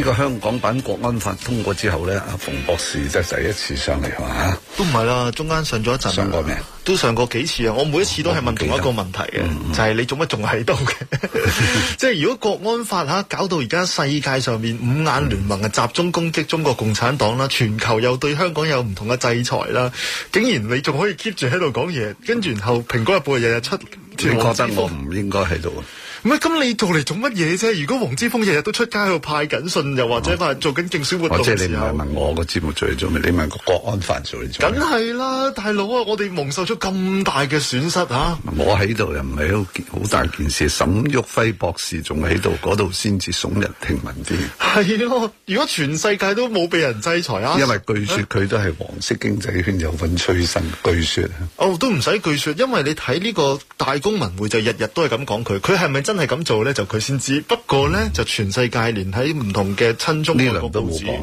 呢、這個香港版國安法通過之後咧，阿馮博士即係第一次上嚟嚇、啊，都唔係啦，中間上咗一陣，上過咩？都上過幾次啊！我每一次都係問同一個問題嘅，就係、是、你做乜仲喺度嘅？ 即係如果國安法嚇搞到而家世界上面五眼聯盟啊集中攻擊中國共產黨啦、嗯，全球又對香港有唔同嘅制裁啦，竟然你仲可以 keep 住喺度講嘢，跟住然後《蘋果日報》日日出，你覺得我唔應該喺度？唔係，咁你做嚟做乜嘢啫？如果黃之鋒日日都出街去派緊信，又或者話做緊競選活動嘅時候，我即係你唔係問我個節目做嚟做咩？你問個國安犯做嚟做咩？梗係啦，大佬啊！我哋蒙受咗咁大嘅損失啊。我喺度又唔係好好大件事。沈旭輝博士仲喺度，嗰度先至聳人聽聞啲。係咯，如果全世界都冇被人制裁啊？因為據說佢都係黃色經濟圈有份催生，據說。啊、哦，都唔使據說，因為你睇呢個大公文匯就日日都係咁講佢，佢係咪？真係咁做咧，就佢先知。不過咧，就全世界連喺唔同嘅親中外國報紙呢輪都冇講，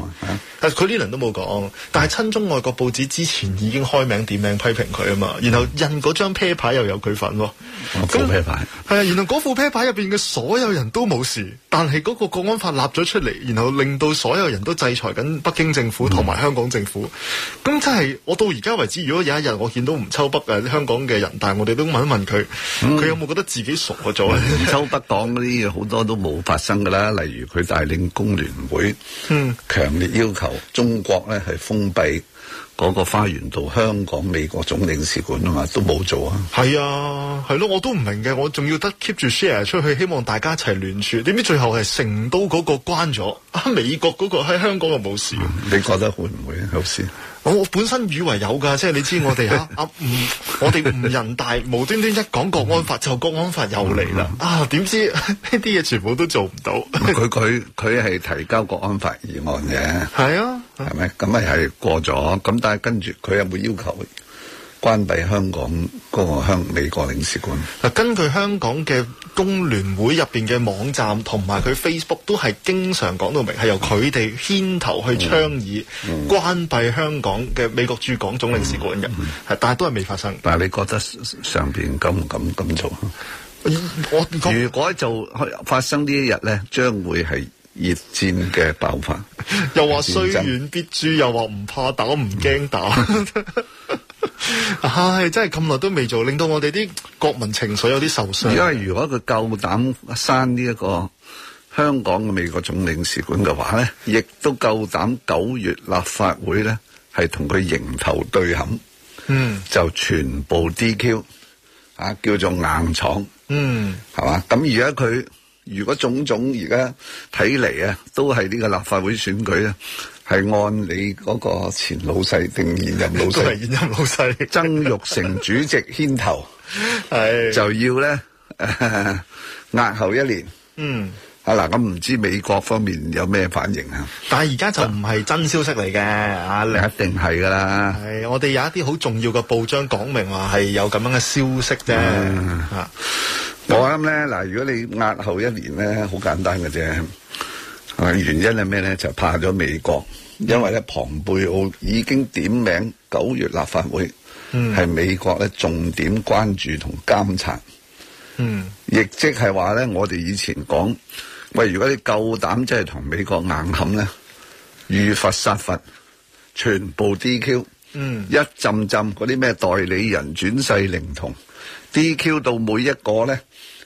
但佢呢輪都冇講。但係親中外國報紙、啊、之前已經開名點名批評佢啊嘛，然後印嗰張啤牌又有佢份。副啤牌係啊，原來嗰副啤牌入邊嘅所有人都冇事，但係嗰個國安法立咗出嚟，然後令到所有人都制裁緊北京政府同埋香港政府。咁真係，我到而家為止，如果有一日我見到吳秋北嘅香港嘅人大，但我哋都問一問佢，佢、嗯、有冇覺得自己傻咗？ 都不講嗰啲嘢，好多都冇發生噶啦。例如佢帶領工聯會，嗯，強烈要求中國咧係封閉。嗰、那個花園道香港美國總領事館啊嘛，都冇做啊，係啊，係咯、啊，我都唔明嘅，我仲要得 keep 住 share 出去，希望大家一齊聯署，點知最後係成都嗰個關咗、啊，美國嗰個喺香港就冇事、嗯。你覺得會唔會有事、嗯？我本身以為有噶，即係你知我哋啊啊， 啊我哋唔人大，無端端一講國安法、嗯、就國安法又嚟啦、嗯，啊，點知呢啲嘢，全部都做唔到。佢佢佢係提交國安法議案嘅，係啊。係咪咁咪係過咗？咁但係跟住佢有冇要求關閉香港嗰個香美國領事館？嗱，根據香港嘅工聯會入邊嘅網站同埋佢 Facebook 都係經常講到明，係由佢哋牽頭去倡議關閉香港嘅美國駐港總領事館嘅，係但係都係未發生。但係你覺得上邊敢唔敢咁做？我如果就發生呢一日咧，將會係。熱戰嘅爆發， 又話雖遠必誅， 又話唔怕打唔驚打，唉、嗯 哎，真係咁耐都未做，令到我哋啲國民情緒有啲受傷。因為如果佢夠膽刪呢一個香港嘅美國總領事館嘅話咧，亦、嗯、都夠膽九月立法會咧係同佢迎頭對冚，嗯，就全部 DQ 啊，叫做硬闖，嗯，係嘛？咁而家佢。如果種種而家睇嚟啊，都係呢個立法會選舉啊，係按你嗰個前老細定現任老細？都係現任老細。曾玉成主席牽頭，係就要呢押後一年。嗯。啊嗱，咁唔知美國方面有咩反應啊？但係而家就唔係真消息嚟嘅，啊！你一定係㗎喇。係，我哋有一啲好重要嘅報章講明話係有咁樣嘅消息啫，嚇。我諗咧嗱，如果你押後一年咧，好簡單嘅啫。啊，原因係咩咧？就怕咗美國。因為咧，龐貝奧已經點名九月立法會係美國咧重點關注同監察。嗯，亦即係話咧，我哋以前講，喂，如果你夠膽真係同美國硬冚咧，遇佛殺佛，全部 DQ。嗯，一浸浸嗰啲咩代理人轉世靈童，DQ 到每一個咧。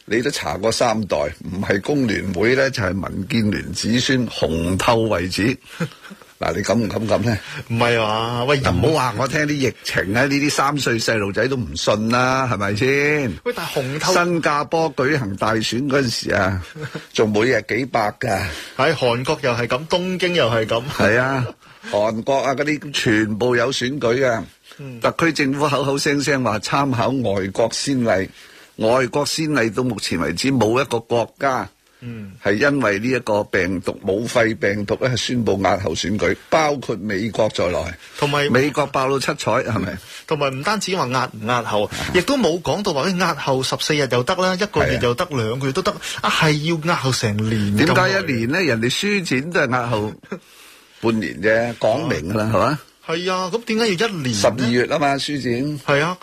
你都查過三代，唔係工聯會咧，就係民建聯子孫紅透為止。嗱，你敢唔敢咁咧？唔係啊，喂！唔好話我聽啲疫情咧，呢啲三歲細路仔都唔信啦，係咪先？喂！但係紅透新加坡舉行大選嗰陣時啊，仲每日幾百㗎。喺韓國又係咁，東京又係咁。係啊，韓國啊嗰啲全部有選舉啊，特區政府口口聲聲話參考外國先例。外國先例到目前為止冇一個國家，嗯，係因為呢一個病毒，武肺病毒咧，宣布押後選舉，包括美國在內，同埋美國爆到七彩，係咪？同埋唔單止話押唔押後，亦都冇講到話啲押後十四日又得啦，啊，一個月又得，兩個月都得，啊，啊，係要押後成年。點解一年咧？人哋書展都係押後半年啫，講明啦，係、啊、嘛？係啊，咁點解要一年？十二月啊嘛，書展係啊，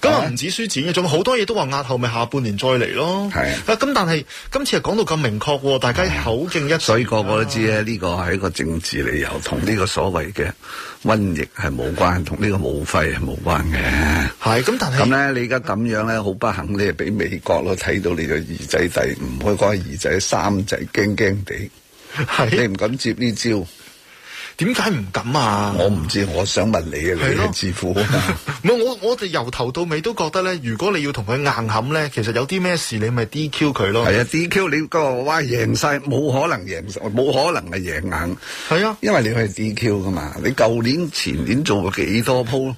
咁啊唔止書展嘅，仲好多嘢都話押後，咪下半年再嚟咯。係啊，咁、啊、但係今次係講到咁明確，大家口徑一致、啊，所以個個都知咧，呢個係一個政治理由，同呢個所謂嘅瘟疫係冇關，同呢個武肺係冇關嘅。係咁、啊，但係咁咧，你而家咁樣咧，好不幸你係俾美國咯睇到你個二仔底，唔開講二仔三仔驚驚地，係你唔敢接呢招。點解唔敢啊？我唔知，我想問你啊，你嘅致富。唔 我，我哋由頭到尾都覺得咧，如果你要同佢硬冚咧，其實有啲咩事你咪 DQ 佢咯。係啊，DQ 你個嘩贏晒，冇可能贏，冇可能係贏硬。係啊，因為你係 DQ 噶嘛，你舊年前年做過幾多鋪，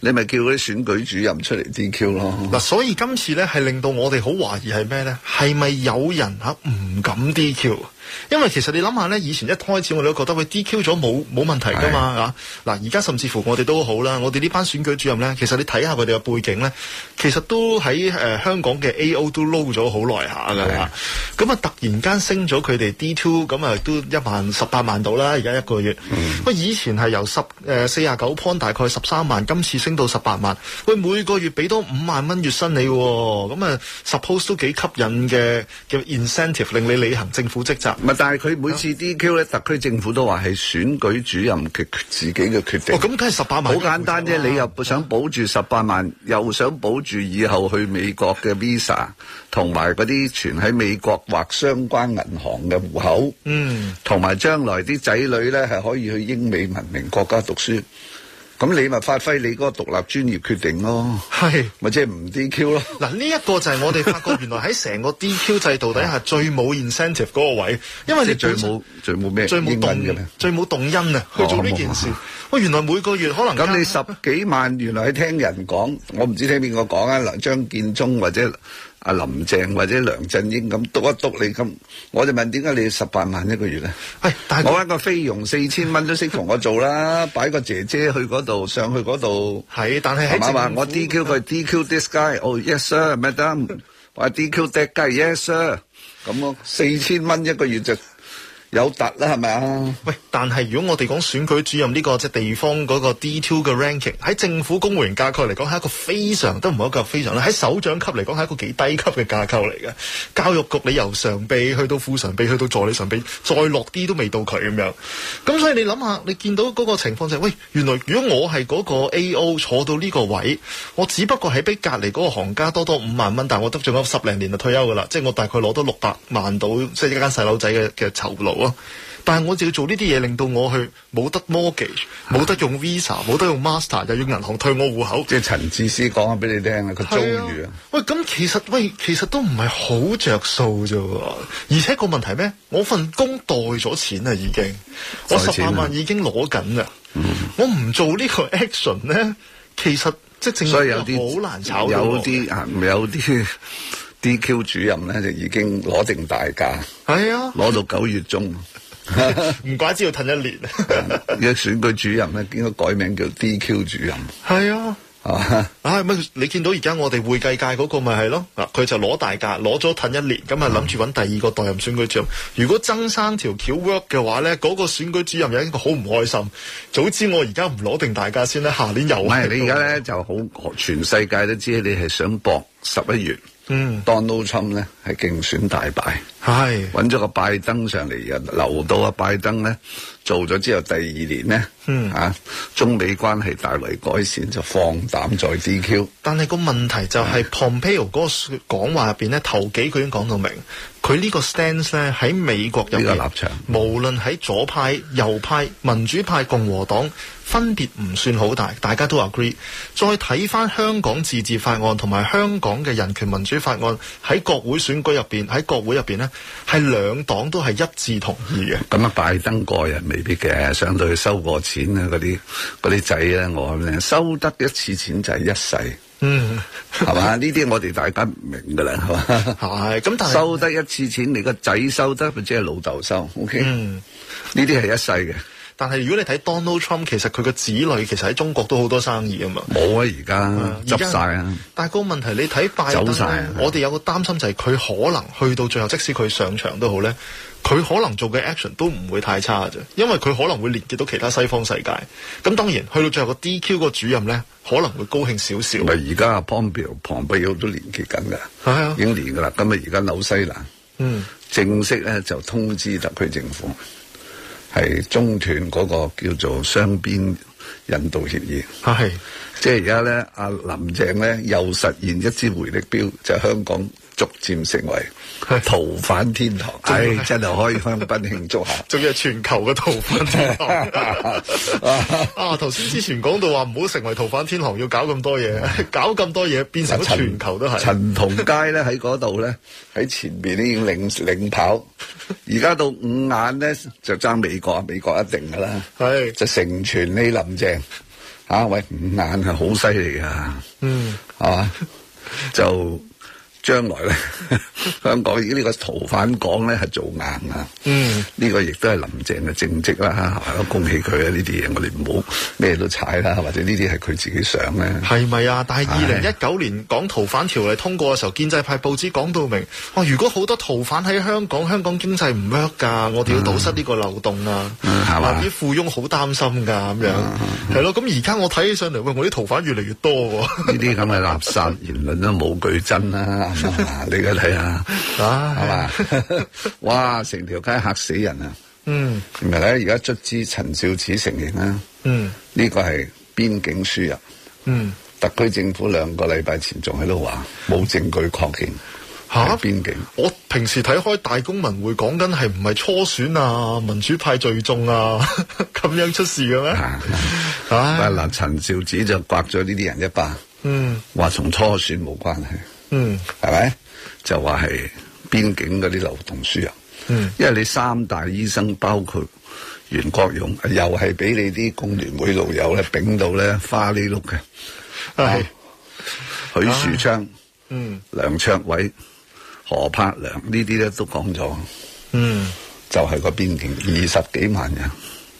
你咪叫嗰啲選舉主任出嚟 DQ 咯。嗱、嗯，所以今次咧係令到我哋好懷疑係咩咧？係咪有人吓唔敢 DQ？因為其實你諗下咧，以前一開始我哋都覺得佢 DQ 咗冇冇問題噶嘛，嗱，而家甚至乎我哋都好啦，我哋呢班選舉主任咧，其實你睇下佢哋嘅背景咧，其實都喺誒、呃、香港嘅 A.O. 都撈咗好耐下噶，咁啊突然間升咗佢哋 D2，咁啊都一萬十八萬到啦，而家一個月，咁、嗯、以前係由十誒四廿九 point 大概十三萬，今次升到十八萬，喂，每個月俾多五萬蚊月薪你、啊，咁啊 suppose 都幾吸引嘅嘅 incentive 令你履行政府職責。但係佢每次 DQ 咧，特區政府都話係選舉主任嘅自己嘅決定。哦，咁睇十八萬好簡單啫！你又想保住十八萬，又想保住以後去美國嘅 Visa，同埋嗰啲存喺美國或相關銀行嘅戶口。嗯，同埋將來啲仔女咧係可以去英美文明國家讀書。咁你咪發揮你嗰個獨立專業決定咯、啊，係，或者唔 DQ 咯？嗱，呢一個就係我哋發覺，原來喺成個 DQ 制度底下最冇 incentive 嗰個位， 因為你最冇最冇咩，最冇動，最冇動因啊！哦、去做呢件事，哇原來每個月可能咁，你十幾萬，原來去聽人講，我唔知聽邊個講啊，張建宗或者。阿林鄭或者梁振英咁督一督你咁，我就問點解你要十八萬一個月咧？誒、哎，我一個菲傭四千蚊都識同我做啦，擺個姐姐去嗰度，上去嗰度。係，但係係嘛話，我 DQ 佢 DQ this guy，哦、oh、yes sir，madam，我 DQ that guy，yes sir。咁咯，四千蚊一個月就有突啦，係咪啊？喂，但係如果我哋講選舉主任呢、這個即係、就是、地方嗰個 D2 嘅 ranking，喺政府公務員架構嚟講，係一個非常都唔係一個非常啦。喺首長級嚟講，係一個幾低級嘅架構嚟嘅。教育局你由常秘去到副常秘，去到助理常秘，再落啲都未到佢咁樣。咁所以你諗下，你見到嗰個情況就係、是，喂，原來如果我係嗰個 AO 坐到呢個位，我只不過係比隔籬嗰個行家多多五萬蚊，但係我得咗十零年就退休噶啦，即、就、係、是、我大概攞多六百萬到，即、就、係、是、一間細佬仔嘅嘅酬勞。哦，但係我就要做呢啲嘢，令到我去冇得 mortgage，冇得用 Visa，冇、啊、得用 Master，又要銀行退我戶口。即係陳智思講下俾你聽啊，個遭遇啊。喂，咁其實喂，其實都唔係好着數啫，而且個問題咩？我份工代咗錢啊，已經我十八萬已經攞緊啦。我唔做呢個 action 咧，其實即係正所以有啲好難炒，有啲啊，有啲。DQ 主任咧就已經攞定大價，係啊，攞到九月中，唔 怪之要褪一年。而家 選舉主任咧應該改名叫 DQ 主任，係啊，乜、啊啊啊啊啊啊？你見到而家我哋會計界嗰個咪係咯？嗱，佢就攞大價，攞咗褪一年，咁啊諗住揾第二個代任選舉長、嗯。如果爭生條橋 work 嘅話咧，嗰、那個選舉主任有一個好唔開心。早知我而家唔攞定大價先啦，下、啊、年又唔係你而家咧就好，全世界都知你係想搏十一月。嗯，Donald Trump 咧係競選大敗，係揾咗個拜登上嚟，人留到阿拜登咧做咗之後，第二年咧，嗯啊，中美關係大為改善就放膽再 DQ。但係個問題就係、是、Pompeo 嗰個講話入面咧，頭幾句已經講到明，佢呢個 stance 咧喺美國有呢、這個立場，無論喺左派、右派、民主派、共和黨。分別唔算好大，大家都 agree。再睇翻香港自治法案同埋香港嘅人權民主法案喺國會選舉入邊，喺國會入邊咧，係兩黨都係一致同意嘅。咁啊，拜登個人未必嘅，上到去收過錢啊，嗰啲嗰啲仔咧，我咧收得一次錢就係一世。嗯，係嘛？呢 啲我哋大家唔明噶啦，係咁。但係收得一次錢，你個仔收得，咪即係老豆收。O K。嗯，呢啲係一世嘅。但係如果你睇 Donald Trump，其實佢個子女其實喺中國都好多生意啊嘛。冇啊，而家執晒啊！但係個問題，你睇拜登、啊走啊，我哋有個擔心就係佢可能去到最後，即使佢上場都好咧，佢可能做嘅 action 都唔會太差啫。因為佢可能會連結到其他西方世界。咁當然去到最後個 DQ 個主任咧，可能會高興少少。咪而家 Pompeo、Pompeo 都連結緊㗎、啊，已經連噶啦。咁啊，而家紐西蘭嗯正式咧就通知特區政府。係中斷嗰個叫做雙邊引渡協議，係即係而家咧，阿林鄭咧又實現一支回力標，就係，香港。逐漸成為逃犯天堂，唉、哎，真係可以香檳慶祝一下，仲有全球嘅逃犯天堂 啊！頭先之前講到話唔好成為逃犯天堂，要搞咁多嘢、嗯，搞咁多嘢，變成全球都係陳同佳咧喺嗰度咧，喺前邊已經領領跑，而家到五眼咧就爭美國，美國一定噶啦，係就成全呢林鄭、啊、喂，五眼係好犀利㗎，嗯，係、啊、嘛就。嗯。將來咧，香港已經呢個逃犯港咧係做硬啊！嗯、呢，這個亦都係林鄭嘅政績啦，吓，恭喜佢啊！呢啲嘢，我哋唔好咩都踩啦，或者呢啲係佢自己想咧。係咪啊？但係二零一九年港逃犯條例通過嘅時候、哎，建制派報紙講到明，哇，哦，如果好多逃犯喺香港，香港經濟唔 work 噶，我哋要堵塞呢個漏洞啊！係、嗯，嘛，啲富翁好擔心噶，咁、嗯，樣，係、嗯、咯。咁而家我睇起上嚟，喂，哎，我啲逃犯越嚟越多。呢啲咁嘅垃圾言論都冇句真啦，啊。 你嘅睇下，係 嘛、啊？哇是，成 條街嚇死人啊！嗯，同咧，而家卒之陳肇始承認咧，嗯，呢個係邊境輸入，嗯，特區政府兩個禮拜前仲喺度話冇證據確認吓邊境。我平時睇開大公民會講緊係唔係初選啊，民主派聚眾啊，咁 樣出事嘅咩？ 啊，嗱，陳肇始就刮咗呢啲人一巴，嗯，話同初選冇關係。嗯，係咪就話係邊境嗰啲流動輸入？嗯，因為你三大醫生包括袁國勇，又係俾你啲工聯會老友咧，炳到咧花呢碌嘅。係許樹昌、啊、嗯梁卓偉、何柏良呢啲咧都講咗。嗯，就係個邊境二十幾萬人，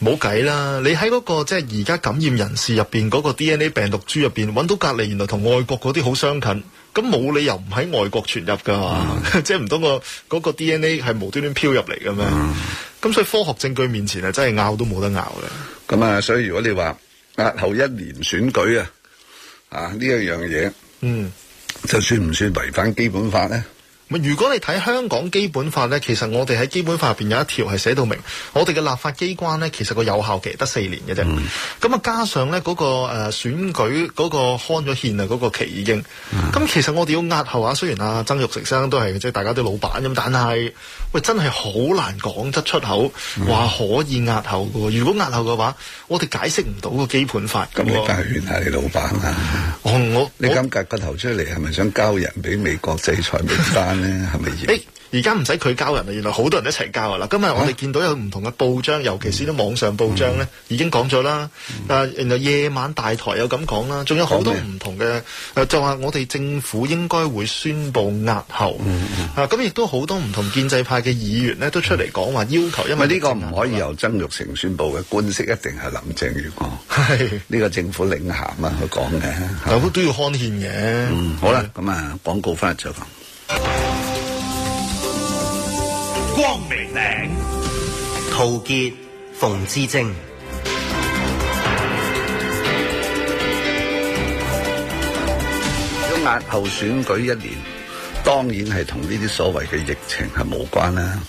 冇計啦。你喺嗰、嗰個即係而家感染人士入邊嗰個 DNA 病毒株入邊，揾到隔籬原來同外國嗰啲好相近。咁冇理由唔喺外國傳入噶嘛，即係唔通個嗰個 DNA 係無端端飄入嚟㗎嘛。咁、嗯、所以科學證據面前啊，真係拗都冇得拗嘅。咁、嗯、啊，所以如果你話押後一年選舉啊，啊呢一樣嘢，嗯，就算唔算違反基本法咧？如果你睇香港基本法咧，其實我哋喺基本法入邊有一條係寫到明，我哋嘅立法機關咧，其實個有效期得四年嘅啫。咁、嗯、啊，加上咧嗰個選舉嗰個刊咗憲啊嗰個期已經，咁、嗯、其實我哋要押後啊。雖然阿曾玉成先生都係即係大家啲老闆咁，但係喂真係好難講得出口，話可以押後嘅。如果押後嘅話，我哋解釋唔到個基本法咁。嗯、你得罪下你老闆啊、嗯、我你隔我你咁夾個頭出嚟，係咪想交人俾美國制裁名單？咪得？誒，而家唔使佢交人啦，原來好多人一齊交啊！嗱，今日我哋見到有唔同嘅報章、欸，尤其是啲網上報章咧、嗯，已經講咗啦。嗱、嗯，然後夜晚大台又這樣還有咁講啦，仲有好多唔同嘅誒，就話我哋政府應該會宣布押後、嗯嗯。啊，咁亦都好多唔同建制派嘅議員咧，都出嚟講話要求。因為呢個唔可以由曾玉成宣布嘅、嗯，官式一定係林鄭月娥呢、這個政府領銜啊去講嘅。政府、嗯、都要看憲嘅、嗯。好啦，咁啊，廣告翻嚟再講。光明頂，陶傑、馮志正，小押後選舉一年，當然係同呢啲所謂嘅疫情係冇關啦、啊。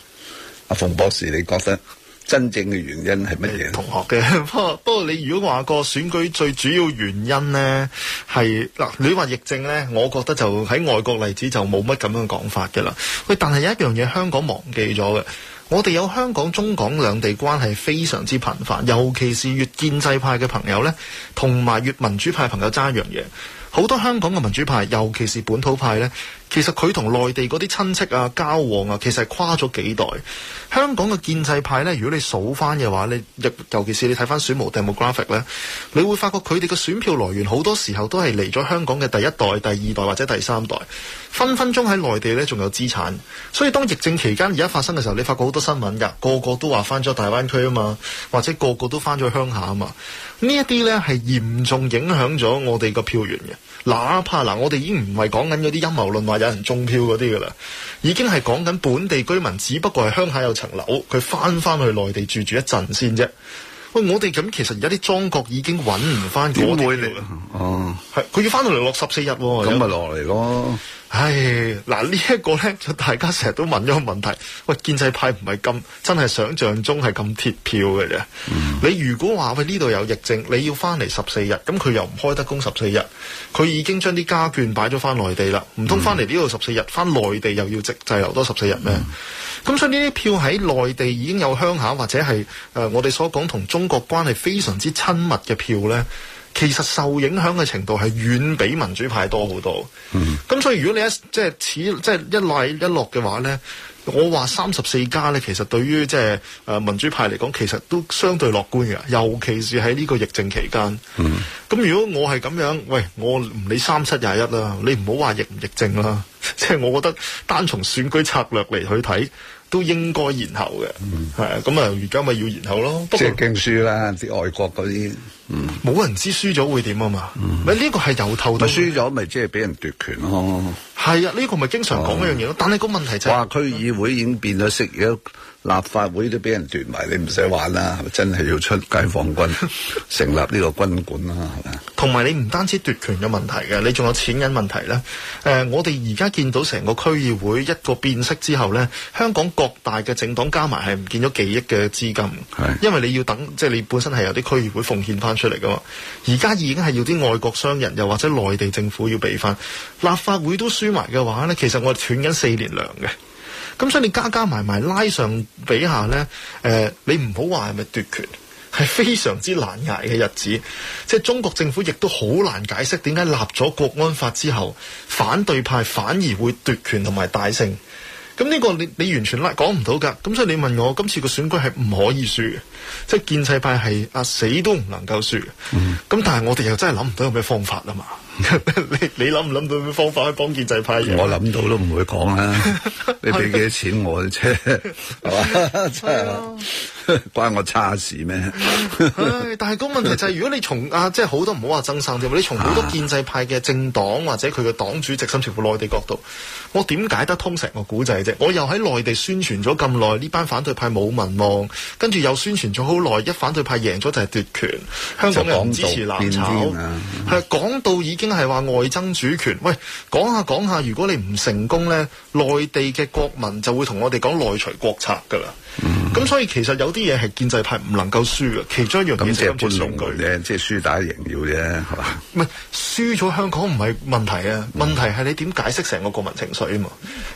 阿、啊、馮博士，你覺得？真正嘅原因係乜嘢？同學嘅，不過不過你如果話個選舉最主要原因呢，係嗱你話疫症呢，我覺得就喺外國例子就冇乜咁樣嘅講法嘅啦。喂，但係有一樣嘢香港忘記咗嘅，我哋有香港中港兩地關係非常之頻繁，尤其是越建制派嘅朋友呢，同埋越民主派朋友揸一樣嘢。好多香港嘅民主派，尤其是本土派咧，其實佢同內地嗰啲親戚啊交往啊，其實係跨咗幾代。香港嘅建制派咧，如果你數翻嘅話，你尤其是你睇翻選民嘅 demographic 咧，你會發覺佢哋嘅選票來源好多時候都係嚟咗香港嘅第一代、第二代或者第三代，分分鐘喺內地咧仲有資產。所以當疫症期間而家發生嘅時候，你發覺好多新聞噶，個個都話翻咗大灣區啊嘛，或者個個都翻咗鄉下啊嘛，呢一啲咧係嚴重影響咗我哋嘅票源嘅。哪怕嗱，我哋已經唔係講緊嗰啲陰謀論話有人中票嗰啲噶啦，已經係講緊本地居民，只不過係鄉下有層樓，佢翻返去內地住住一陣先啫。我哋咁，其實而家啲莊國已經揾唔翻點哦，係佢、啊、要翻到嚟落十四日，咁咪落嚟咯。唉，嗱呢一個咧，就大家成日都問一個問題。喂，建制派唔係咁真係想像中係咁鐵票嘅啫、嗯。你如果話喂呢度有疫症，你要翻嚟十四日，咁佢又唔開得工十四日，佢已經將啲家眷擺咗翻內地啦，唔通翻嚟呢度十四日，翻、嗯、內地又要直係留多十四日咩？嗯。咁所以呢啲票喺內地已經有鄉下或者係誒、呃、我哋所講同中國關係非常之親密嘅票咧，其實受影響嘅程度係遠比民主派多好多。嗯，咁所以如果你一即係此即係一落一落嘅話咧。我話三十四家咧，其實對於即係誒民主派嚟講，其實都相對樂觀嘅，尤其是喺呢個疫症期間。咁，嗯，如果我係咁樣，喂，我唔理三七廿一啦，你唔好話疫唔疫症啦，即係我覺得單從選舉策略嚟去睇。都應該延後嘅，係、嗯、啊，咁啊，而家咪要延後咯。即係經輸啦，啲外國嗰啲，冇、嗯、人知輸咗會點啊嘛。咪、嗯、呢、呢個係由頭到輸咗，咪即係俾人奪權咯。係啊，呢個咪經常講嗰樣嘢咯。但係個問題就係、話，區議會已經變咗食嘢。立法會都俾人奪埋，你唔使玩啦！真係要出解放軍， 成立呢個軍管啦，係咪？同埋你唔單止奪權嘅問題嘅，你仲有錢銀問題咧、呃。我哋而家見到成個區議會一個變色之後咧，香港各大嘅政黨加埋係唔見咗幾億嘅資金，因為你要等，即係你本身係有啲區議會奉獻翻出嚟噶嘛。而家已經係要啲外國商人又或者內地政府要俾翻立法會都輸埋嘅話咧，其實我哋斷緊四年糧嘅。咁所以你加加埋埋拉上比下咧，誒你唔好話係咪奪權，係非常之難捱嘅日子。即係中國政府亦都好難解釋點解立咗國安法之後，反對派反而會奪權同埋大勝。咁呢個你你完全拉講唔到㗎。咁所以你問我今次個選舉係唔可以輸嘅，即係建制派係啊死都唔能夠輸嘅。咁、嗯、但係我哋又真係諗唔到有咩方法啦嘛。 你你諗唔諗到咩方法去幫建制派贏？我諗到都唔會講啦、啊。 你俾幾多錢我啫？係嘛？真係關我差事咩？ 但係個問題就係、是，如果你從啊，即係好多唔好話曾生你從好多建制派嘅政黨或者佢嘅黨主席甚至乎內地角度，我點解得通成個古仔啫？我又喺內地宣傳咗咁耐，呢班反對派冇民望，跟住又宣傳咗好耐，一反對派贏咗就係奪權。香港人支持攬炒，係、就是啊、港島已經。真係話外爭主權，喂，講下講下，如果你唔成功咧，內地嘅國民就會同我哋講內除國賊噶啦。咁、嗯、所以其實有啲嘢係建制派唔能夠輸嘅，其中一樣嘢即係搬龍嘅啫，即係輸打贏要啫，係嘛？唔係輸咗香港唔係問題啊，問題係你點解釋成個國民情緒啊嘛？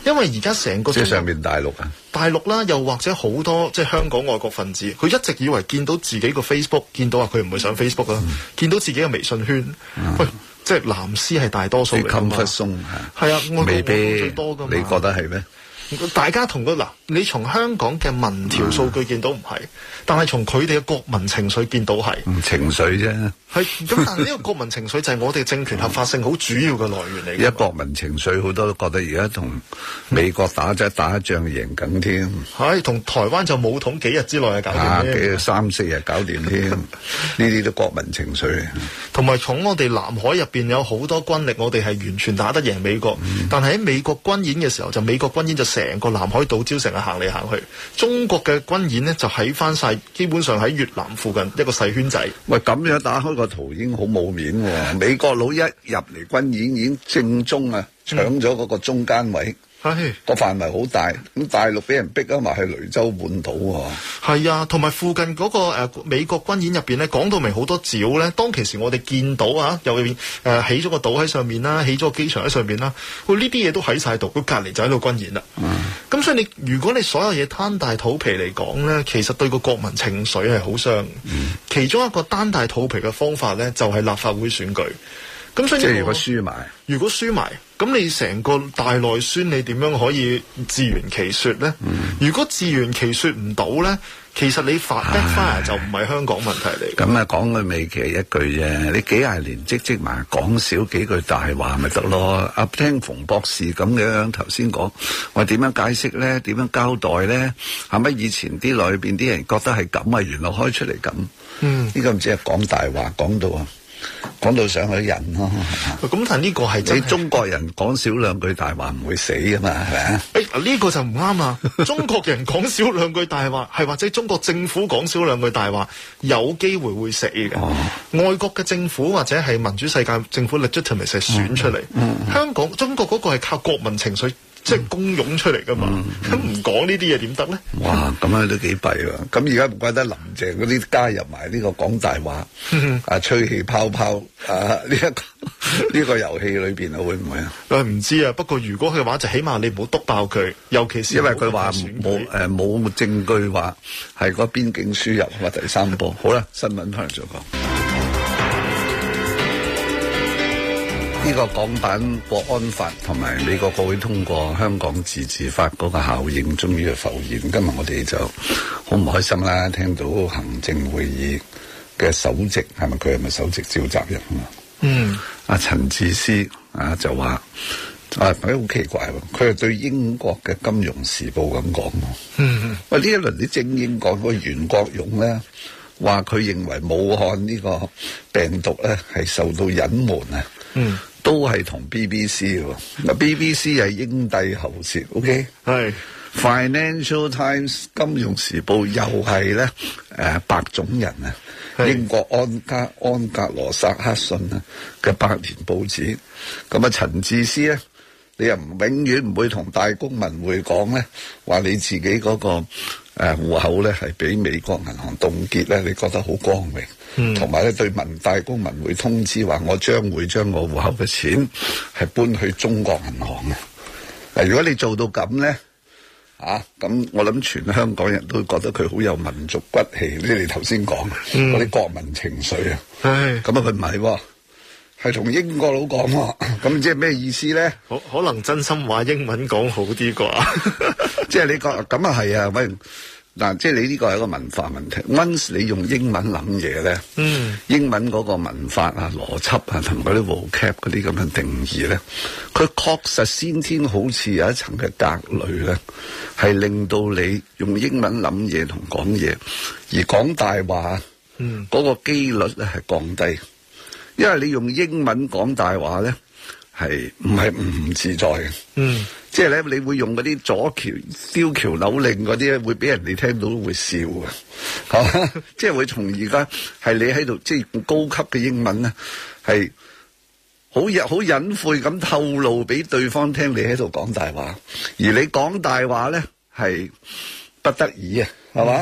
因為而家成個即係上面大陸啊，大陸啦，又或者好多即係香港外國分子，佢一直以為見到自己個 Facebook，見到啊佢唔會上 Facebook 啦、嗯，見到自己嘅微信圈，嗯、喂。即係藍絲係大多數嚟嘛？係啊，未必，我的多的你覺得係咩？大家同佢嗱、啊，你從香港嘅民調數據見到唔係、嗯，但係從佢哋嘅國民情緒見到係、嗯、情緒啫。係咁，但係呢個國民情緒就係我哋政權合法性好主要嘅來源嚟嘅。而、嗯、家國民情緒好多都覺得而家同美國打即打一仗贏緊添。係、哎、同台灣就武統幾日之內嘅搞掂、啊，幾日三四日搞掂添。呢 啲都國民情緒同埋從我哋南海入邊有好多軍力，我哋係完全打得贏美國，嗯、但係喺美國軍演嘅時候，就美國軍演就成個南海島礁成日行嚟，行去，中國嘅軍演呢就喺翻曬，基本上喺越南附近一個細圈仔。喂，咁樣打開個圖已經好冇面、啊， 美國佬一入嚟軍演已經正中啊，搶咗嗰個中間位。嗯係個範圍好大，咁大陸俾人逼啊，埋去雷州半島啊，係啊，同埋附近嗰、那個誒、呃、美國軍演入邊咧，講到明好多照咧。當其時我哋見到啊，右誒起咗個島喺上面啦，起咗個機場喺上面啦，呢啲嘢都喺晒度，佢隔籬就喺度軍演啦。咁、嗯、所以你如果你所有嘢攤大肚皮嚟講咧，其實對個國民情緒係好傷。其中一個攤大肚皮嘅方法咧，就係、是、立法會選舉。咁所以如果輸埋，如果輸埋，咁你成個大內宣，你點樣可以自圓其說咧、嗯？如果自圓其說唔到咧，其實你發得翻嚟就唔係香港問題嚟。咁啊，講句未其一句啫，你幾廿年積積埋，講少幾句大話咪得咯？啊，聽馮博士咁樣頭先講，我點樣解釋咧？點樣交代咧？係咪以前啲內邊啲人覺得係咁啊？原來開出嚟咁？嗯，呢、這個唔知係講大話講到啊。講到上去人，咯，咁但係呢個係指中國人講少兩句大話唔會死啊嘛，係咪啊？誒、哎、呢、這個就唔啱啊！中國人講少兩句大話，係 或者中國政府講少兩句大話，有機會會死嘅、哦。外國嘅政府或者係民主世界政府 legitimacy 係選出嚟、嗯嗯，香港、中國嗰個係靠國民情緒。即係公湧出嚟噶嘛？咁唔講呢啲嘢點得咧？哇！咁樣都幾弊喎。咁而家唔怪得林鄭嗰啲加入埋呢個講大話啊，吹氣泡泡啊，呢、這、一個呢 個遊戲裏邊啊，會唔會啊？我唔知啊。不過如果佢玩就起碼你唔好督爆佢。尤其是因為佢話冇誒冇證據話係個邊境輸入或第三波。好啦，新聞可能再講。呢、這個港版國安法同埋美國國會通過香港自治法嗰個效應，終於又浮現。今日我哋就好唔開心啦！聽到行政會議嘅首席係咪佢係咪首席召集人啊？嗯，阿陳智思啊就話啊，睇好、啊啊、奇怪佢係對英國嘅《金融時報這》咁、啊、講。嗯，喂，呢一輪啲正英講嗰袁國勇咧，話佢認為武漢呢個病毒咧係受到隱瞞啊。嗯。都係同 BBC 喎，嗱 BBC 係英帝喉舌，OK？係 Financial Times 金融時報又係咧，誒白種人啊，英國安格安格羅薩克遜啊嘅百年報紙咁啊，陳智思咧，你又唔永遠唔會同大公文匯講咧，話你自己嗰個誒戶口咧係俾美國銀行凍結咧，你覺得好光榮？嗯，同埋咧，對民大公民會通知話，我將會將我戶口嘅錢係搬去中國銀行嘅。嗱，如果你做到咁咧，啊，咁我諗全香港人都覺得佢好有民族骨氣，你哋頭先講嗰啲國民情緒啊。唉、嗯，咁啊佢唔係喎，係同英國佬講啊。咁、嗯、即係咩意思咧？可可能真心話英文講好啲啩？ 即係你覺咁啊係啊，喂。嗱，即係你呢個係一個文化問題 once 你用英文諗嘢咧，嗯，英文嗰個文法啊、邏輯啊同嗰啲 vocab 嗰啲咁嘅定義咧，佢確實先天好似有一層嘅隔壘咧，係令到你用英文諗嘢同講嘢，而講大話嗰、嗯嗰個機率咧係降低，因為你用英文講大話咧。係唔係唔自在嘅？嗯，即係咧，你會用嗰啲左橋蕭橋扭令嗰啲，會俾人哋聽到會笑嘅。好，即係會從而家係你喺度，即係高級嘅英文係係好好隱晦咁透露俾對方聽，你喺度講大話。而你講大話咧，係不得已啊，係嘛？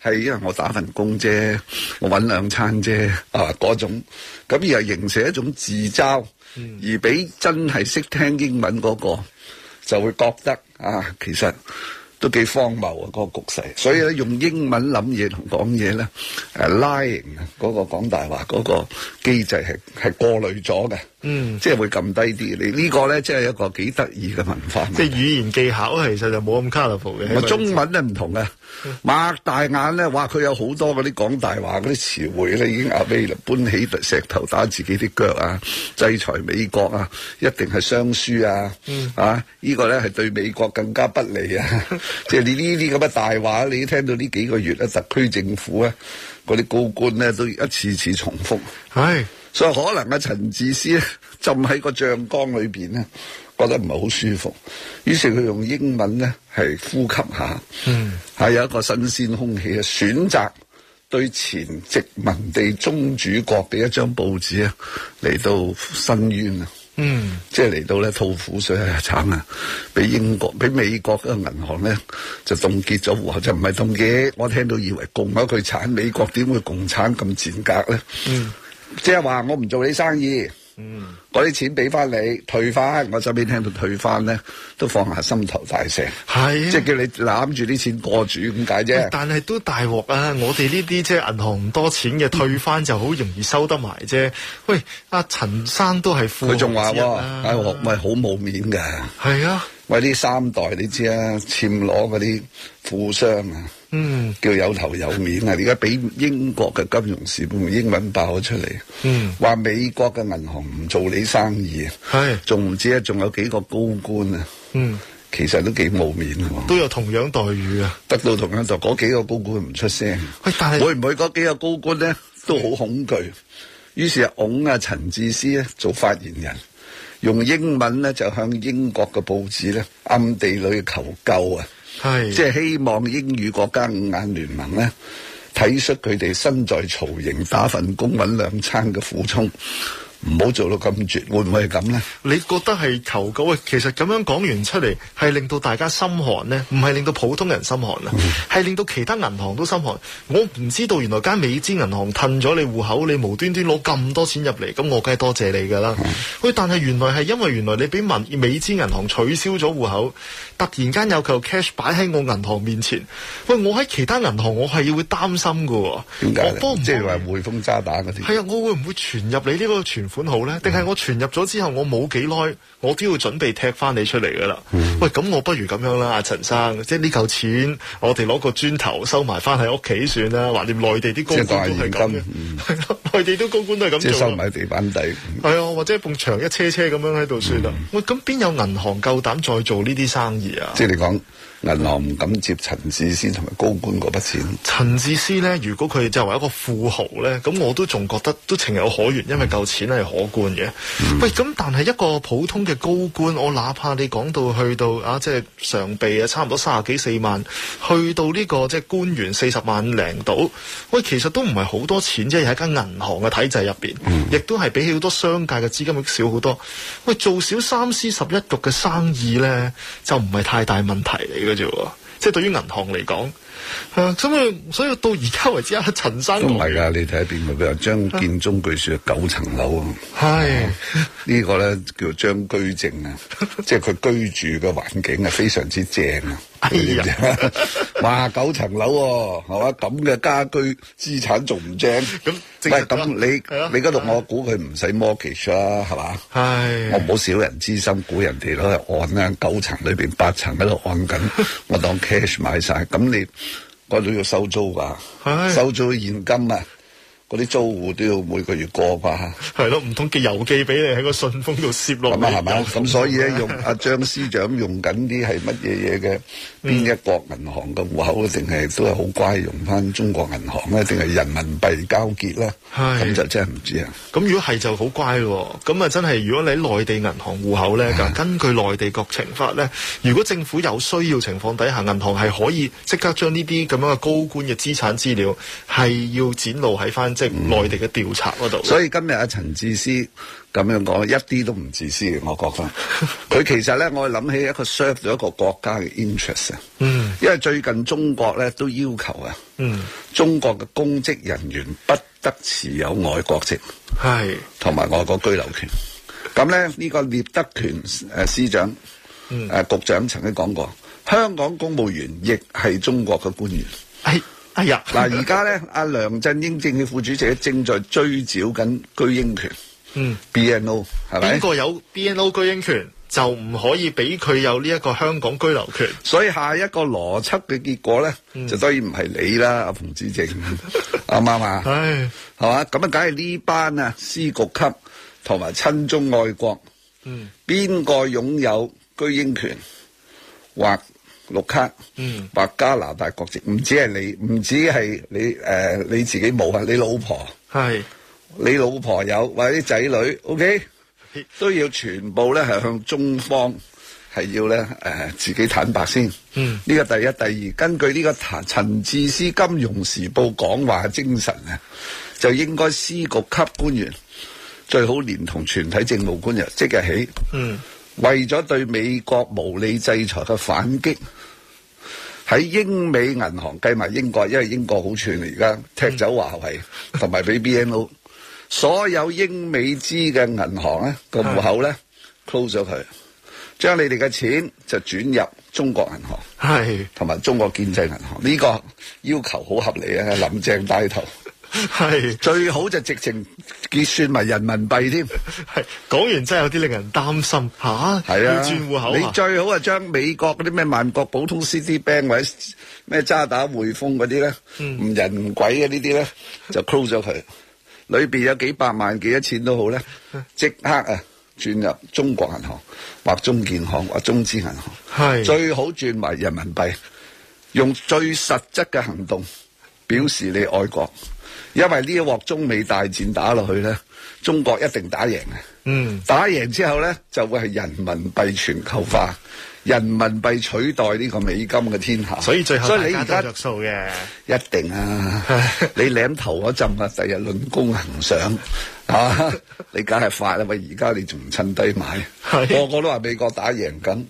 係、嗯、因為我打份工啫，我搵兩餐啫啊，嗰種咁又形成一種自嘲。而俾真係識聽英文嗰個就會覺得啊，其實。都幾荒謬啊！嗰個局勢，所以咧用英文諗嘢同講嘢咧，lying 嗰個講大話嗰個機制係係過濾咗嘅，嗯，即係會撳低啲。你呢個咧即係一個幾得意嘅文化。即係語言技巧其實就冇咁 colorful 嘅。中文咧唔同啊，擘大眼咧，話！佢有好多嗰啲講大話嗰啲詞彙咧，已經壓尾啦，搬起石頭打自己啲腳啊，制裁美國啊，一定係雙輸啊，啊，呢個咧係對美國更加不利啊！即係你呢啲咁嘅大話，你聽到呢幾個月咧，特區政府咧，嗰啲高官咧，都一次次重複。係，所以可能阿陳智思咧，浸喺個醬缸裏邊咧，覺得唔係好舒服，於是佢用英文咧，係呼吸下，係有一個新鮮空氣嘅選擇，對前殖民地宗主國嘅一張報紙啊，嚟到申冤啊！嗯，即係嚟到咧，吐苦水啊，慘啊，俾英國、俾美國嗰個銀行咧就凍結咗，就唔係凍結。我聽到以為共咗佢產，美國點會共產咁賤格咧？嗯，即係話我唔做你生意。嗯，嗰啲錢俾翻你退翻，我就邊聽到退翻咧，都放下心頭大石，係、啊、即係叫你攬住啲錢過住咁解啫。但係都大鑊啊！我哋呢啲即係銀行唔多錢嘅、嗯、退翻就好容易收得埋啫。喂，阿、啊、陳生都係富，佢仲話大鑊咪好冇面噶，係啊。喂！呢三代你知啊，簽攞嗰啲富商啊、嗯，叫有頭有面啊！而家俾英國嘅金融時報英文爆咗出嚟，嗯，話美國嘅銀行唔做你生意，啊，係仲唔知啊仲有幾個高官啊？嗯，其實都幾冇面啊，都有同樣待遇啊，得到同樣待遇，嗰幾個高官唔出聲。喂、哎，但係會唔會嗰幾個高官咧都好恐懼？於是啊，拱啊，陳智思咧做發言人。用英文咧就向英國嘅報紙咧暗地裏求救啊！係，即係希望英語國家五眼聯盟咧睇出佢哋身在曹營打份工搵兩餐嘅苦衷。唔好做到咁絕，會唔會係咁呢？你覺得係求救？啊？其實咁樣講完出嚟，係令到大家心寒呢，唔係令到普通人心寒啦，係 令到其他銀行都心寒。我唔知道原來間美資銀行褪咗你戶口，你無端端攞咁多錢入嚟，咁我梗係多謝你噶啦。喂， 但係原來係因為原來你俾美美資銀行取消咗戶口，突然間有嚿 cash 擺喺我銀行面前，喂，我喺其他銀行我，我係要會擔心噶。點解咧？我幫唔住你，即係話匯豐渣打嗰啲？係啊，我會唔會存入你呢個存？款好咧？定係我存入咗之後，我冇幾耐，我都要準備踢翻你出嚟噶啦。喂，咁我不如咁樣啦，阿陳生，即係呢嚿錢，我哋攞個磚頭收埋翻喺屋企算啦。話哂內地啲高官都係咁嘅，係啊，內、嗯、 地啲高官都係咁做。收埋喺地板底。係、嗯、啊、哎，或者一埲牆一車車咁樣喺度算啦、嗯。喂，咁邊有銀行夠膽再做呢啲生意啊？即係你講。銀行唔敢接陳智思同埋高官嗰筆錢。陳智思咧，如果佢作為一個富豪咧，咁我都仲覺得都情有可原，因為夠錢係可觀嘅、嗯。喂，咁但係一個普通嘅高官，我哪怕你講到去到啊，即係常秘啊，差唔多卅幾四萬去到呢、這個即係、就是、官員四十萬零度，喂，其實都唔係好多錢，即係喺間銀行嘅體制入邊，亦、嗯、都係比起好多商界嘅資金少好多。喂，做少三絲十一局嘅生意咧，就唔係太大問題嚟嘅。跟住喎，即係對於銀行嚟講。啊，所以所以到而家為止陳一 啊，陳生都唔係噶，你睇下邊咪比如張建宗據說九層樓啊，係呢個咧叫張居正啊，即係佢居住嘅環境啊，非常之正啊，哇九層樓係嘛，咁嘅家居資產仲唔正咁？唔係咁，你你嗰度我估佢唔使 mortgage 啦，係嘛？係我唔好小人之心估人哋喺度按啦，九層裏邊八層喺度按緊， 我當 cash 買晒咁你。我都要收租噶，收租現金啊！嗰啲租戶都要每個月過吧？係咯，唔通寄郵寄俾你喺個信封度摺落嚟？係嘛？咁 所以咧，用阿張司長用緊啲係乜嘢嘢嘅？邊一國銀行嘅戶口定係、嗯、都係好乖用翻中國銀行咧，定係人民幣交結咧？係咁就真係唔知啊！咁如果係就好乖喎！咁啊，真係如果你喺內地銀行戶口咧，根據內地國情法咧，如果政府有需要情況底下，銀行係可以即刻將呢啲咁樣嘅高官嘅資產資料係要展露喺翻。即係內地嘅調查嗰度，所以今日阿陳智思咁樣講，一啲都唔自私嘅，我覺得。佢 其實咧，我諗起一個 serve 咗一個國家嘅 interest 啊。嗯。因為最近中國咧都要求啊，嗯，中國嘅公職人員不得持有外國籍，係、嗯，同埋外國居留權。咁咧，呢、呢個聶德權誒、呃、司長、誒、嗯呃、局長曾經講過，香港公務員亦係中國嘅官員。係、哎。哎呀，嗱而家咧，阿梁振英政協副主席正在追剿緊居英權。嗯，B N O 係咪？邊個有 B N O 居英權就唔可以俾佢有呢一個香港居留權。所以下一個邏輯嘅結果咧，就當然唔係你啦，阿馮子正，啱啱啊，係，係嘛？咁啊，梗係呢班啊司局級同埋親中愛國。嗯，邊個擁有居英權或？綠卡，嗯，或加拿大國籍，唔止係你，唔止係你，誒、呃，你自己冇啊，你老婆，係，你老婆有或者啲仔女，O、okay? K，都要全部咧係向中方，係要咧誒、呃、自己坦白先，嗯，呢、這個第一，第二，根據呢個陳智思《金融時報》講話嘅精神啊，就應該司局級官員最好連同全體政務官員即日起，嗯。為咗對美國無理制裁嘅反擊，喺英美銀行計埋英國，因為英國好串嚟，而家踢走華為，同埋俾 BNO， 所有英美資嘅銀行咧，個戶口咧 close 咗佢，將你哋嘅錢就轉入中國銀行，係，同埋中國建設銀行，呢個要求好合理啊，林鄭帶頭。係最好就直情結算埋人民幣添。係講完真係有啲令人擔心吓，係啊，轉戶口。你最好啊，將美國嗰啲咩萬國普通 C D Bank 或者咩渣打、匯豐嗰啲咧，唔、嗯、人唔鬼嘅呢啲咧，就 close 咗佢，嗯。裏邊有幾百萬幾多錢都好咧，即刻啊轉入中國銀行或中建行或中資銀行。係最好轉埋人民幣，用最實質嘅行動表示你愛國。因為呢一鑊中美大戰打落去咧，中國一定打贏嗯，打贏之後咧，就會係人民幣全球化，嗯、人民幣取代呢個美金嘅天下。所以最後大家，所以你而家着數嘅，一定啊！ 你領頭嗰陣啊，第日論功行賞 啊，你梗係快啦！咪而家你仲唔趁低買， 個個都話美國打贏緊。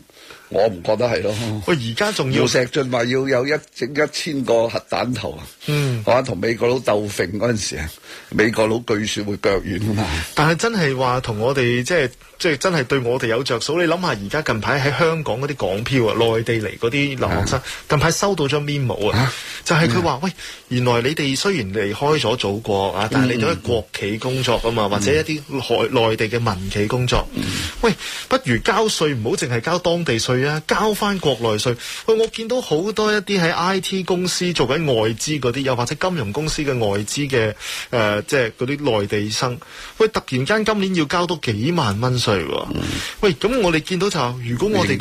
我唔覺得係咯。喂、嗯，而家仲要石俊話要有一整一千個核彈頭啊！嗯，我話同美國佬鬥揈嗰陣時啊，美國佬據說會腳軟啊嘛、嗯。但係真係話同我哋即係。就是即係真係對我哋有着數，你諗下而家近排喺香港嗰啲港漂啊，內地嚟嗰啲留學生，啊、近排收到張 memo 啊，就係佢話：啊「喂，原來你哋雖然離開咗祖國啊，嗯、但係你都喺國企工作啊嘛、嗯，或者一啲內地嘅民企工作、嗯。喂，不如交稅唔好淨係交當地稅啊，交翻國內稅。喂，我見到好多一啲喺 IT 公司做緊外資嗰啲，又或者金融公司嘅外資嘅誒，即係嗰啲內地生。喂，突然間今年要交多幾萬蚊稅。嗯、喂，咁我哋見到就，如果我哋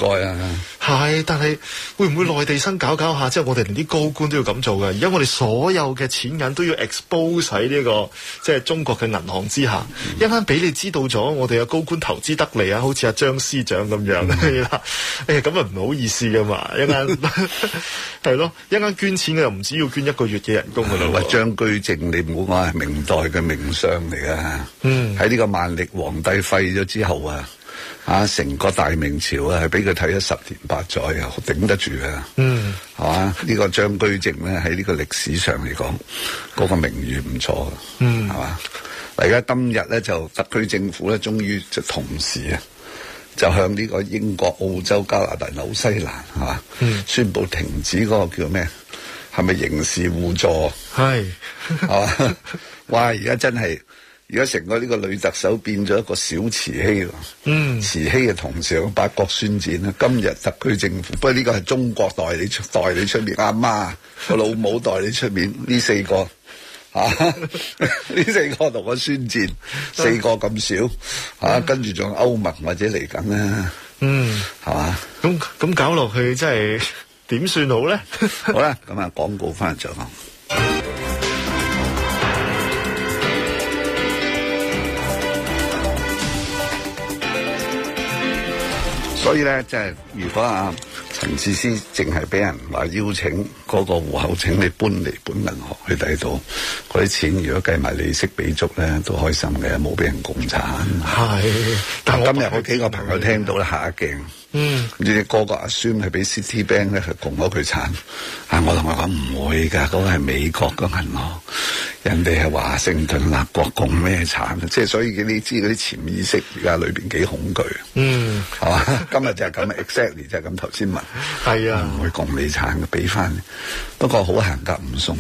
係、啊，但係會唔會內地生搞搞下，即、嗯、係、即係、我哋連啲高官都要咁做㗎。而家我哋所有嘅錢銀都要 expose 喺呢、呢個即係、即係、中國嘅銀行之下，一間俾你知道咗，我哋嘅高官投資得嚟啊，好似阿張司長咁樣啦，呀、嗯，咁啊唔好意思噶嘛，一間係咯，一 間捐錢嘅又唔止要捐一個月嘅人工喎。咯。張居正你唔好話係明代嘅名商嚟啊。嗯，喺呢個萬曆皇帝廢咗之後。啊！成個大明朝啊，係俾佢睇咗十年八載，啊，又頂得住啊！嗯，係嘛？呢、呢個張居正咧，喺呢個歷史上嚟講，嗰、嗰個名譽唔錯，嗯，係嘛？而家今日咧，就特區政府咧，終於就同時啊，就向呢個英國、澳洲、加拿大、紐西蘭，係嘛、嗯？宣布停止嗰個叫咩？係咪刑事互助？係，係嘛？ 哇！而家真係～而家成個呢個女特首變咗一個小慈禧咯、嗯，慈禧嘅同時八國宣戰啦。今日特區政府，不過呢個係中國代理出代理出面，阿媽個老母代理出面，呢四個嚇，呢、啊、 四個同我宣戰、啊，四個咁少嚇、啊啊，跟住仲有歐盟或者嚟緊啦。嗯，係嘛？咁咁搞落去，真係點算好咧？ 好啦，咁啊廣告翻嚟就。所以呢，就係如果啊，陳智思淨係畀人話邀請。嗰、嗰個戶口，請你搬嚟本銀行去睇到，嗰啲錢如果計埋利息俾足咧，都開心嘅，冇俾人共產。係，但、啊、今日我幾個朋友聽到咧吓一驚，嗯，呢個個阿叔係俾 City Bank 咧係共咗佢產，啊，我同佢講唔會噶，嗰、嗰個係美國個銀行，人哋係華盛頓立國共咩產？即係所以你知嗰啲潛意識而家裏邊幾恐懼，嗯，係嘛？今日就係咁 ，Exactly 就係咁，頭先問，係啊，唔會共你產嘅，俾翻。不過好閒格唔送，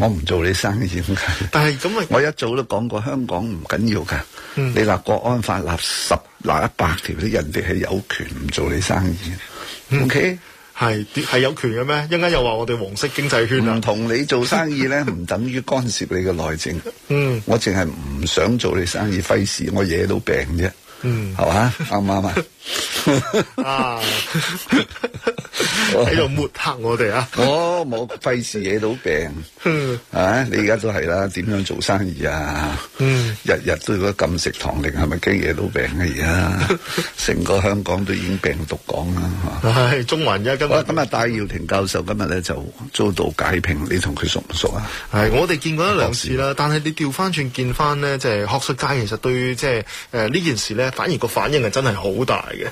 我唔做你生意先。但係咁啊， 我一早都講過香港唔緊要噶、嗯。你立國安法立十立一百條，啲人哋係有權唔做你生意。O K 係係有權嘅咩？一陣間又話我哋黃色經濟圈同你做生意咧，唔等於干涉你嘅內政。嗯，我淨係唔想做你生意，費、嗯、事我惹到病啫。嗯，係 嘛對吧？啱唔啱啊？啊！喺度抹黑我哋啊、 哦！我冇費事惹到病。嗯。 啊！你而家都係啦，點樣做生意啊？嗯。 日日都嗰啲禁食糖定係咪驚惹到病啊？而家成個香港都已經病毒講啦。係中環啊。今日。今日戴耀廷教授今日咧就遭到解聘，你同佢熟唔熟啊？係我哋見過一兩次啦，但係你調翻轉見翻咧，即係學術界其實對即係誒呢件事咧。反而個反應係真係好大嘅，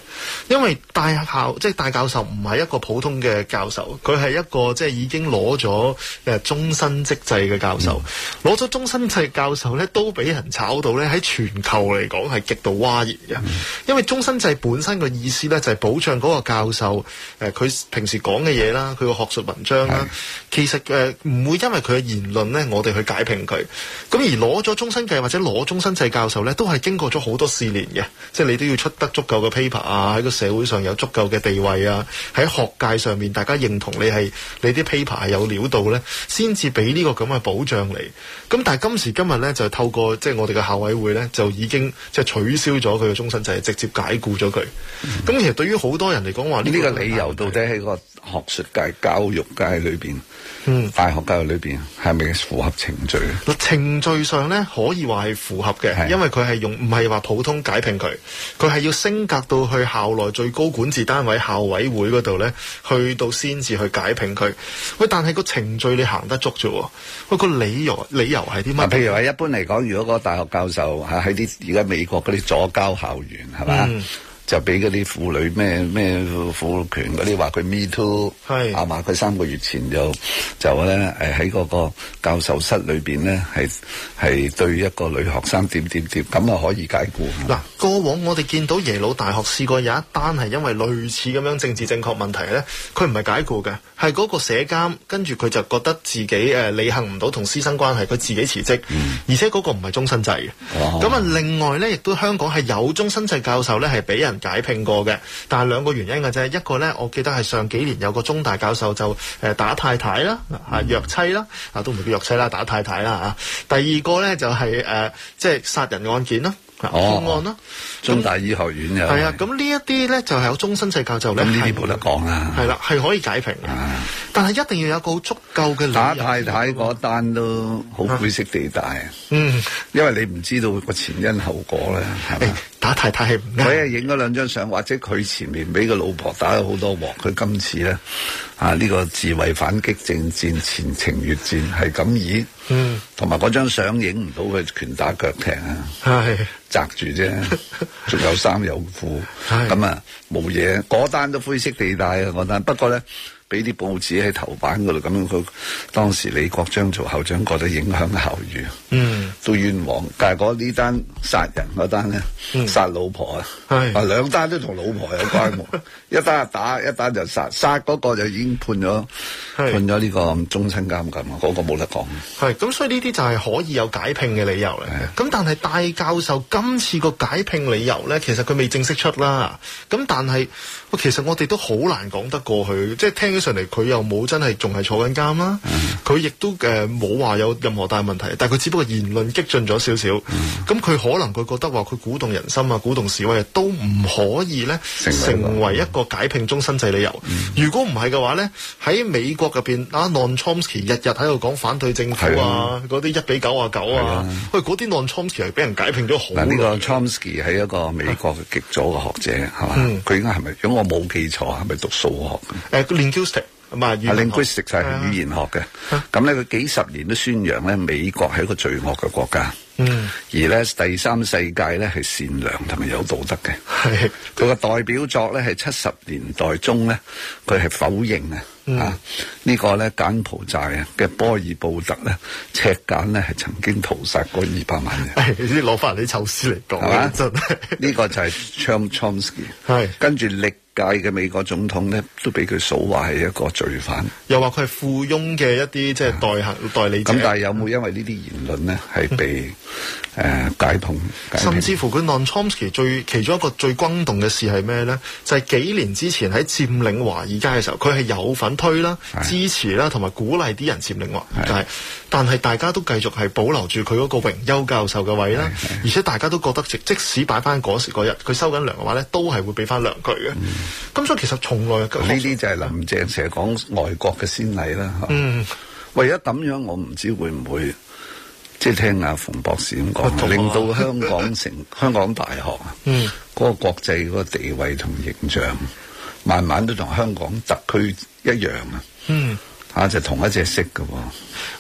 因為大學校即係、就是、大教授唔係一個普通嘅教授，佢係一個即係已經攞咗誒終身職制嘅教授，攞咗終身制教授咧都俾人炒到咧喺全球嚟講係極度嘩然嘅，因為終身制本身嘅意思咧就係保障嗰個教授誒佢平時講嘅嘢啦，佢個學術文章啦，其實誒唔會因為佢嘅言論咧我哋去解聘佢，咁而攞咗終身制或者攞終身制教授咧都係經過咗好多試煉嘅。即係你都要出得足夠嘅 paper 啊，喺個社會上有足夠嘅地位啊，喺學界上面大家認同你係你啲 paper 係有料到咧，先至俾呢個咁嘅保障嚟。咁但係今時今日咧，就透過即係我哋嘅校委會咧，就已經即係取消咗佢嘅終身制，就係、直接解僱咗佢。咁、嗯、其實對於好多人嚟講話呢個理由到底喺個學術界、教育界裏邊，嗯，大學教育裏邊係咪符合程序？程序上咧可以話係符合嘅，是的因為佢係用唔係話普通解聘。佢佢係要升格到去校內最高管治單位校委會嗰度咧，去到先至去解聘佢。喂，但係個程序你行得足啫。喂，個理由理由係啲乜？譬如話一般嚟講，如果個大學教授係喺啲而家美國嗰啲左膠校園，係嘛？嗯就俾嗰啲婦女咩咩婦權嗰啲話佢 me too，阿嘛佢三個月前就就咧誒喺個教授室裏邊咧係係對一個女學生點點點咁啊可以解雇嗱、嗯、過往我哋見到耶魯大學試過有一單係因為類似咁樣政治正確問題咧，佢唔係解雇嘅，係嗰個社監跟住佢就覺得自己誒履、呃、行唔到同師生關係佢自己辭職，嗯、而且嗰個唔係終身制嘅。咁、哦、啊、嗯、另外咧亦都香港係有終身制教授咧係俾人。解聘過嘅，但係兩個原因嘅啫。一個咧，我記得係上幾年有個中大教授就打太太啦，啊、嗯，虐妻啦，啊，都唔叫虐妻啦，打太太啦。第二個咧就係、是、誒，即、呃、係、就是、殺人案件啦，哦、案啦。中，中大醫學院嘅係啊，咁呢一啲咧就係、是、有終身制教授咧，冇得講啦，係啦、啊，係可以解聘。啊。但係一定要有個足夠嘅理由。打太太嗰單都好灰色地帶、啊，嗯，因為你唔知道個前因後果咧，係咪、欸？打太太係佢係影咗兩張相，或者佢前面俾個老婆打咗好多鑊，佢今次咧啊呢、這個自衛反擊正戰前情越戰係咁以。嗯，同埋嗰張相影唔到佢拳打腳踢 啊，係扎住啫，仲有衫有褲，咁啊，冇嘢。嗰單都灰色地帶啊，嗰單，不過咧。俾啲報紙喺頭版嗰度，咁樣佢當時李國章做校長覺得影響校譽，嗯，都冤枉。但係嗰呢單殺人嗰單咧，殺老婆啊，啊兩單都同老婆有關喎。一單啊打，一單就殺，殺嗰個就已經判咗判咗呢個終身監禁啊。嗰、嗰個冇得講。係咁，所以呢啲就係可以有解聘嘅理由嚟。咁但係戴教授今次個解聘理由咧，其實佢未正式出啦。咁但係。其實我哋都好難講得過去，即係聽起上嚟，佢又冇真係仲係坐緊監啦。佢亦都冇話有任何大問題，但佢只不過言論激進咗少少。咁佢可能佢覺得話佢鼓動人心啊，鼓動示威啊，都唔可以咧成，成為一個解聘終身制理由。嗯、如果唔係嘅話咧，喺美國入邊啊，Noam Chomsky 日日喺度講反對政府啊，嗰啲一比九啊九啊，喂嗰啲 Noam Chomsky 係俾人解聘咗好。嗱，呢個 Chomsky 係一個美國極左嘅學者，係、嗯、嘛？佢應該係咪用我冇記錯，係咪讀數學？誒、uh，linguistic 唔係 l i n g u i s t i c 就係語言學嘅。咁咧，佢、uh. 幾十年都宣揚咧，美國係一個罪惡嘅國家。嗯、uh.。而咧第三世界咧係善良同埋有道德嘅。係。佢個代表作咧係七十年代中咧，佢係否認、uh. 啊嚇呢、呢個咧柬埔寨啊嘅波爾布特咧，赤柬咧係曾經屠殺過二百萬人。係、uh. 你攞翻啲臭詩嚟講啊！真係呢個就係 Chomsky。係、uh.。跟住歷界嘅美國總統咧，都俾佢數話係一個罪犯，又話佢係附庸嘅一啲即係代行、啊、代理者。咁但係有冇因為呢啲言論呢係 被誒、呃、解痛？甚至乎佢 Noam Chomsky 最其中一個最轟動嘅事係咩咧？就係、是、幾年之前喺佔領華爾街嘅時候，佢係有份推啦、支持啦同埋鼓勵啲人佔領華爾街。但係大家都繼續係保留住佢嗰個榮休教授嘅位啦，而且大家都覺得即即使擺翻嗰時嗰日佢收緊糧嘅話咧，都係會俾翻糧佢嘅。嗯。咁、嗯嗯、所以其實從來呢啲就係林鄭成日講外國嘅先例啦。嗯，啊、為咗咁樣，我唔知會唔會即係、就是、聽阿馮博士咁講，令到香港成、嗯、香港大學啊，嗰、嗯那個國際嗰個地位同形象，慢慢都同香港特區一樣啊。嗯，啊就是、同一隻色噶。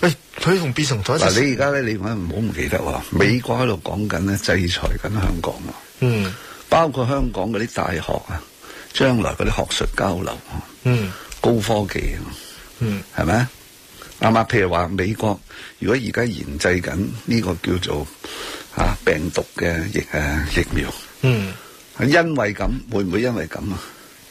喂、欸，佢同變成同一隻。嗱、啊，你而家咧，你唔好唔記得喎、嗯，美國喺度講緊咧制裁緊香港啊。嗯，包括香港嗰啲大學啊。將來嗰啲學術交流，嗯，高科技，嗯，係咪？啱啱？譬如話美國，如果而家研製緊呢個叫做啊病毒嘅疫誒疫苗，嗯，因為咁會唔會因為咁啊？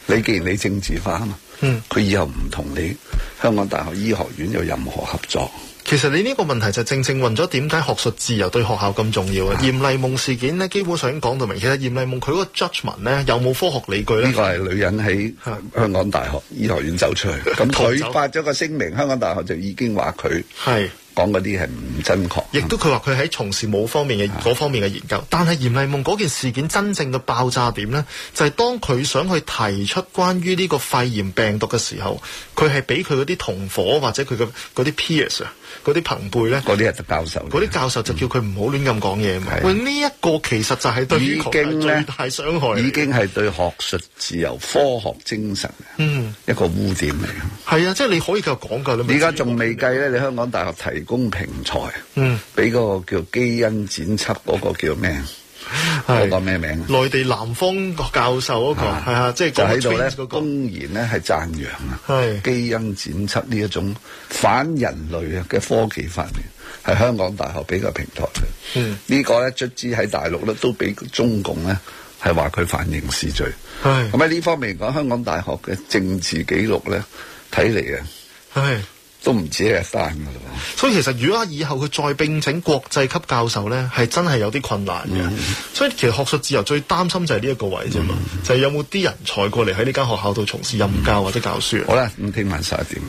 你既然你政治化啊嘛，嗯，佢以後唔同你香港大學醫學院有任何合作。其實你呢個問題就正正問咗點解學術自由對學校咁重要啊？嚴麗夢事件咧，基本上已經講到明，其實嚴麗夢佢嗰個 judgement 咧，有冇科學理據呢？呢個係女人喺香港大學醫學院走出去。咁佢發咗個聲明，香港大學就已經話佢係。講嗰啲係唔真確，亦都佢話佢喺從事某方面嘅方面嘅研究，但係嚴麗夢嗰件事件真正嘅爆炸點咧，就係、是、當佢想去提出關於呢個肺炎病毒嘅時候，佢係俾佢嗰啲同伙或者佢嘅嗰啲 peer 啊，嗰啲朋輩咧，嗰啲係教授，嗰啲教授就叫佢唔好亂咁講嘢嘛。喂，呢、這、一個其實就係已經最大傷害，已經係對學術自由、科學精神，嗯，一個污點嚟。係、嗯、啊，即係你可以繼續講佢噶啦嘛，你而家仲未計咧，你香港大學提。公平台，嗯，俾嗰個叫基因剪輯嗰個叫咩？嗰個咩名？內地南方教授嗰個，係啊，即係就喺度咧公然咧係讚揚啊，係基因剪輯呢一種反人類嘅科技發明，係香港大學俾個平台嘅，嗯，呢個咧卒之喺大陸咧都俾中共咧係話佢犯刑事罪，係咁喺呢方面講，香港大學嘅政治紀錄咧睇嚟啊，係。都唔止一三噶啦，所以其實如果以後佢再聘請國際級教授咧，係真係有啲困難嘅，嗯。所以其實學術自由最擔心就係呢一個位啫嘛，嗯，就係、是，有冇啲人才過嚟喺呢間學校度從事任教或者教書。好啦，咁聽晚十一點。